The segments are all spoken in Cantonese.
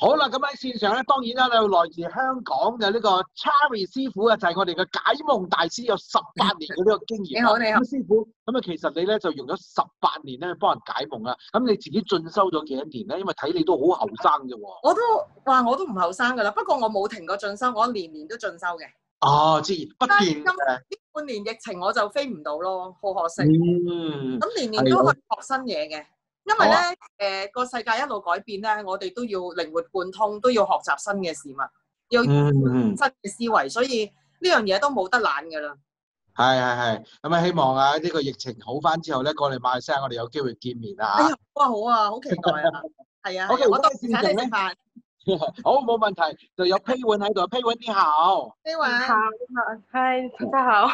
好啦，咁喺線上咧，當然啦，你來自香港嘅呢個 Charles 師傅啊，就係我哋嘅解夢大師，有十八年嘅呢個經驗。你好，你好，師傅。咁啊，其實你咧就用咗十八年咧幫人解夢啊，咁你自己進修咗幾多年咧？因為睇你都好後生嘅喎。我都話我都唔後生㗎啦，不過我冇停過進修，我年年都進修嘅。哦，自然不斷嘅。呢半年疫情我就飛唔到咯，好可惜。嗯。咁年年都係學新嘢嘅。因為咧，誒個、啊呃、世界一路改變咧，我哋都要靈活貫通，都要學習新嘅事物，要新嘅思維，嗯、所以呢樣嘢都冇得懶㗎啦。係係係，咁啊、嗯、希望啊呢、這個疫情好返之後咧，過嚟馬來西亞，我哋有機會見面啦嚇、哎。好啊，好，啊好期待啊！係 啊。O.K. 我到時睇你食飯。好冇問題，就有佩文喺度，佩文 你好。佩文，嗨，Hi，大家好。誒、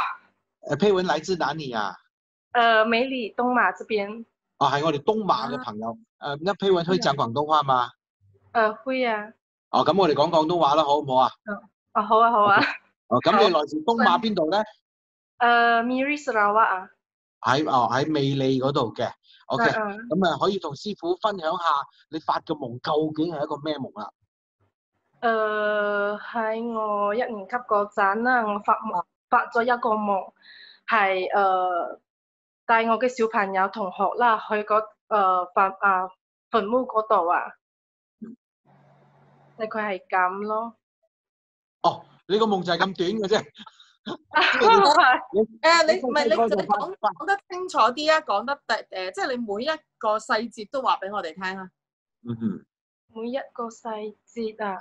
呃，佩文！來自哪裡啊？誒，美里東馬這邊。啊係、哦、我哋東馬嘅朋友，誒，一批位推薦廣東話嘛？誒，會啊。哦、嗯，咁我哋講廣東話啦、啊啊哦，好唔好啊？哦，好啊，好啊。哦吧，咁、啊、你來自東馬邊度咧？誒 Miri Sarawak 啊。喺、啊、哦，喺美利嗰度嘅，OK。咁啊，okay, 可以同師傅分享下你發嘅夢究竟係一個咩夢啊？誒，喺我一年級嗰陣啦，我發夢發咗一個夢，係誒。帶我嘅小朋友同學啦，去個誒墳啊墳墓嗰度啊，大概係咁咯。哦，你個夢就係咁短嘅啫。誒，你唔係你講講得清楚啲啊，講得第誒，即係你每一個細節都話俾我哋聽啊。嗯哼。每一個細節啊。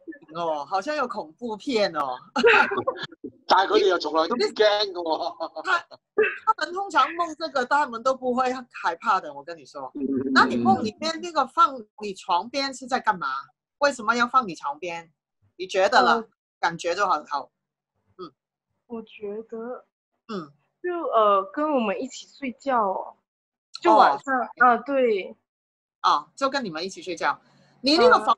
哦，好像有恐怖片哦，但係佢哋又從來都唔驚噶。他們通常夢這個，但係他們都不會害怕的。我跟你說，嗯、那你夢裏面那個放你床邊是在幹嘛？為什麼要放你床邊？你覺得了？呃、感覺就很好，嗯。我覺得，嗯、呃，就呃跟我們一起睡覺哦，就晚上、哦、啊，對，啊、哦，就跟你們一起睡覺。你那個房。呃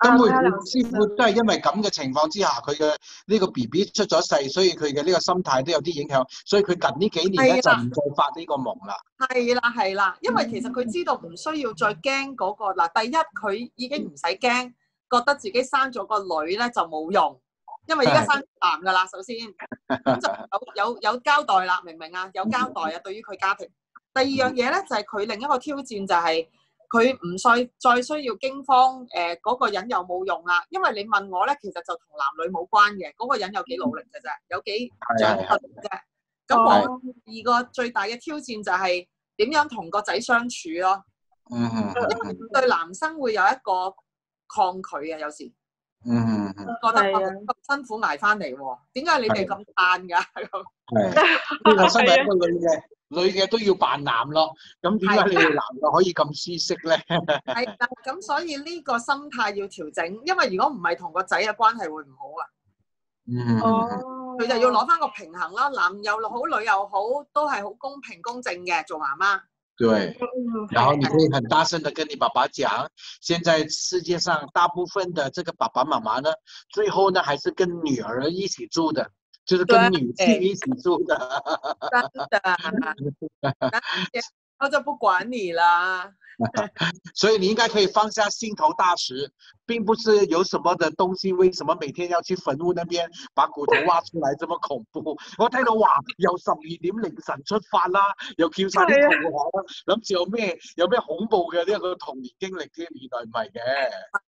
咁佢師傅都係因為咁嘅情況之下，佢嘅呢個 B B 出咗世，所以佢嘅呢個心態都有啲影響，所以佢近呢幾年咧就唔再發呢個夢啦。係啦係啦，因為其實佢知道唔需要再驚嗰個嗱，第一佢已經唔使驚，覺得自己生咗個女咧就冇用，因為而家生男噶啦，的首先咁就有有有交代啦，明唔明啊？有交代啊，對於佢家庭。第二樣嘢咧就係、是、佢另一個挑戰就係、是。佢唔需，再需要驚慌，誒、呃、嗰、那個人又冇用啦，因為你問我咧，其實就同男女冇關嘅，嗰、那個人有幾努力嘅啫，有幾長進啫。咁我二個最大嘅挑戰就係、是、點樣同個仔相處咯。嗯嗯的。因為對男生會有一個抗拒嘅，有時。嗯嗯的覺得咁辛苦捱翻嚟喎，點解你哋咁嘆㗎？係的。係啊。 係、這、嘅、個。女嘅都要扮男咯，咁點解你哋男嘅可以咁舒適咧？係啦，咁所以呢個心態要調整，因為如果唔係同個仔嘅關係會唔好啊。嗯，哦，佢就要攞翻個平衡啦，男又好，女又好，都係好公平公正嘅，做媽媽。對，然後你可以很大聲地跟你爸爸講，現在世界上大部分的這個爸爸媽媽呢，最後呢還是跟女兒一起住的。就是跟女性一起住的對， 真的，然後就不管你啦。 所以你應該可以放下心頭大石，並不是有什麼的東西。為什麼每天要去墳墓那邊把骨頭挖出來這麼恐怖？對我聽到話有十二點凌晨出發啦，又叫晒啲同學啦，諗住、啊、有咩有咩恐怖嘅呢個童年經歷添？原來唔係嘅。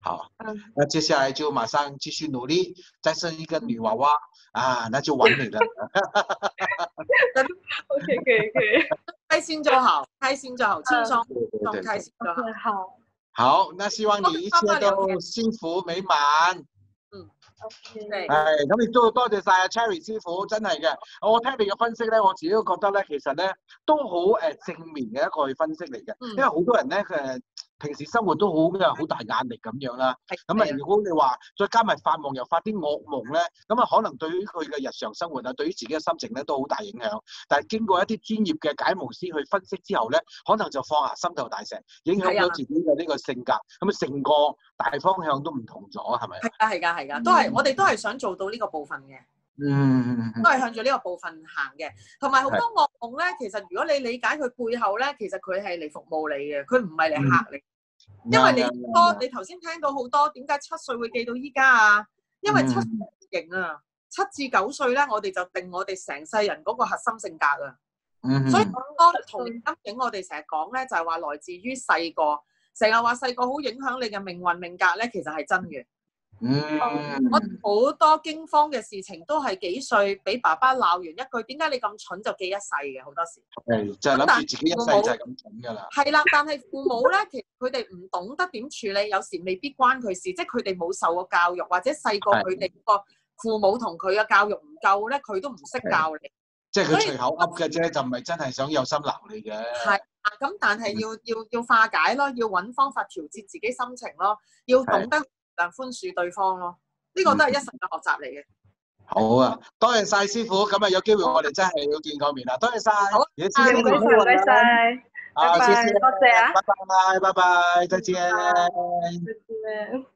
好，那接下來就馬上繼續努力，再生一個女娃娃 啊，那就完美啦。O K O K O K，開心就好，開心就好，輕鬆、uh, 開心就好。對對對開心就好，好，好，那希望你一切都幸福美滿。 嗯，O K。係 okay.、哎，咁亦都多謝晒啊 Cherry 師傅，真係嘅。我聽你嘅分析咧，我自己都覺得咧，其實咧都好誒正面嘅一個分析嚟嘅，嗯、因為好多人咧佢。平時生活都好嘅，好大壓力咁樣啦。係咁啊，如果你話再加埋發夢又發啲惡夢咧，咁啊可能對於佢嘅日常生活啊，對於自己嘅心情咧都好大影響。但係經過一啲專業嘅解夢師去分析之後咧，可能就放下心頭大石，影響咗自己嘅呢個性格，咁啊成個大方向都唔同咗，係咪？係啊，係噶，係噶，嗯、都係我哋都係想做到呢個部分嘅。嗯，mm hmm. 都係向住呢個部分行嘅，同埋好多噩夢咧。的其實如果你理解佢背後咧，其實佢係嚟服務你嘅，佢唔係嚟吓你。Mm hmm. 因為你，mm hmm. 你才很多，你頭先聽到好多，點解七歲會記到依家啊？因為七歲勁啊，mm hmm. 七至九歲咧，我哋就定我哋成世人嗰個核心性格啊。Mm hmm. 所以好多童年陰影，我哋成日講咧，就係、是、話來自於細個，成日話細個好影響你嘅命運命格咧，其實係真嘅。嗯，我好多驚慌嘅事情都係幾歲俾爸爸鬧完一句，點解你咁蠢就記一世嘅好多時。誒，就諗住自己一世就係咁蠢噶啦。係啦，但係父母咧，其實佢哋唔懂得點處理，有時未必關佢事，即係佢哋冇受過教育，或者細個佢哋嗰個父母同佢嘅教育唔夠咧，佢都唔識教你。即係佢隨口噏嘅啫，就唔係真係想有心鬧你嘅。係，咁但係要要要化解咯，要搵方法調節自己心情咯，要懂得。但寬恕對方咯，呢、這個都係一生嘅學習嚟嘅。嗯、好啊，多謝晒師傅，咁啊有機會我哋真係要見個面啦，多謝晒！好，唔該曬，多謝。好、啊，多謝，謝，謝謝謝謝謝謝，拜拜，拜拜，拜拜，再見。好，再見。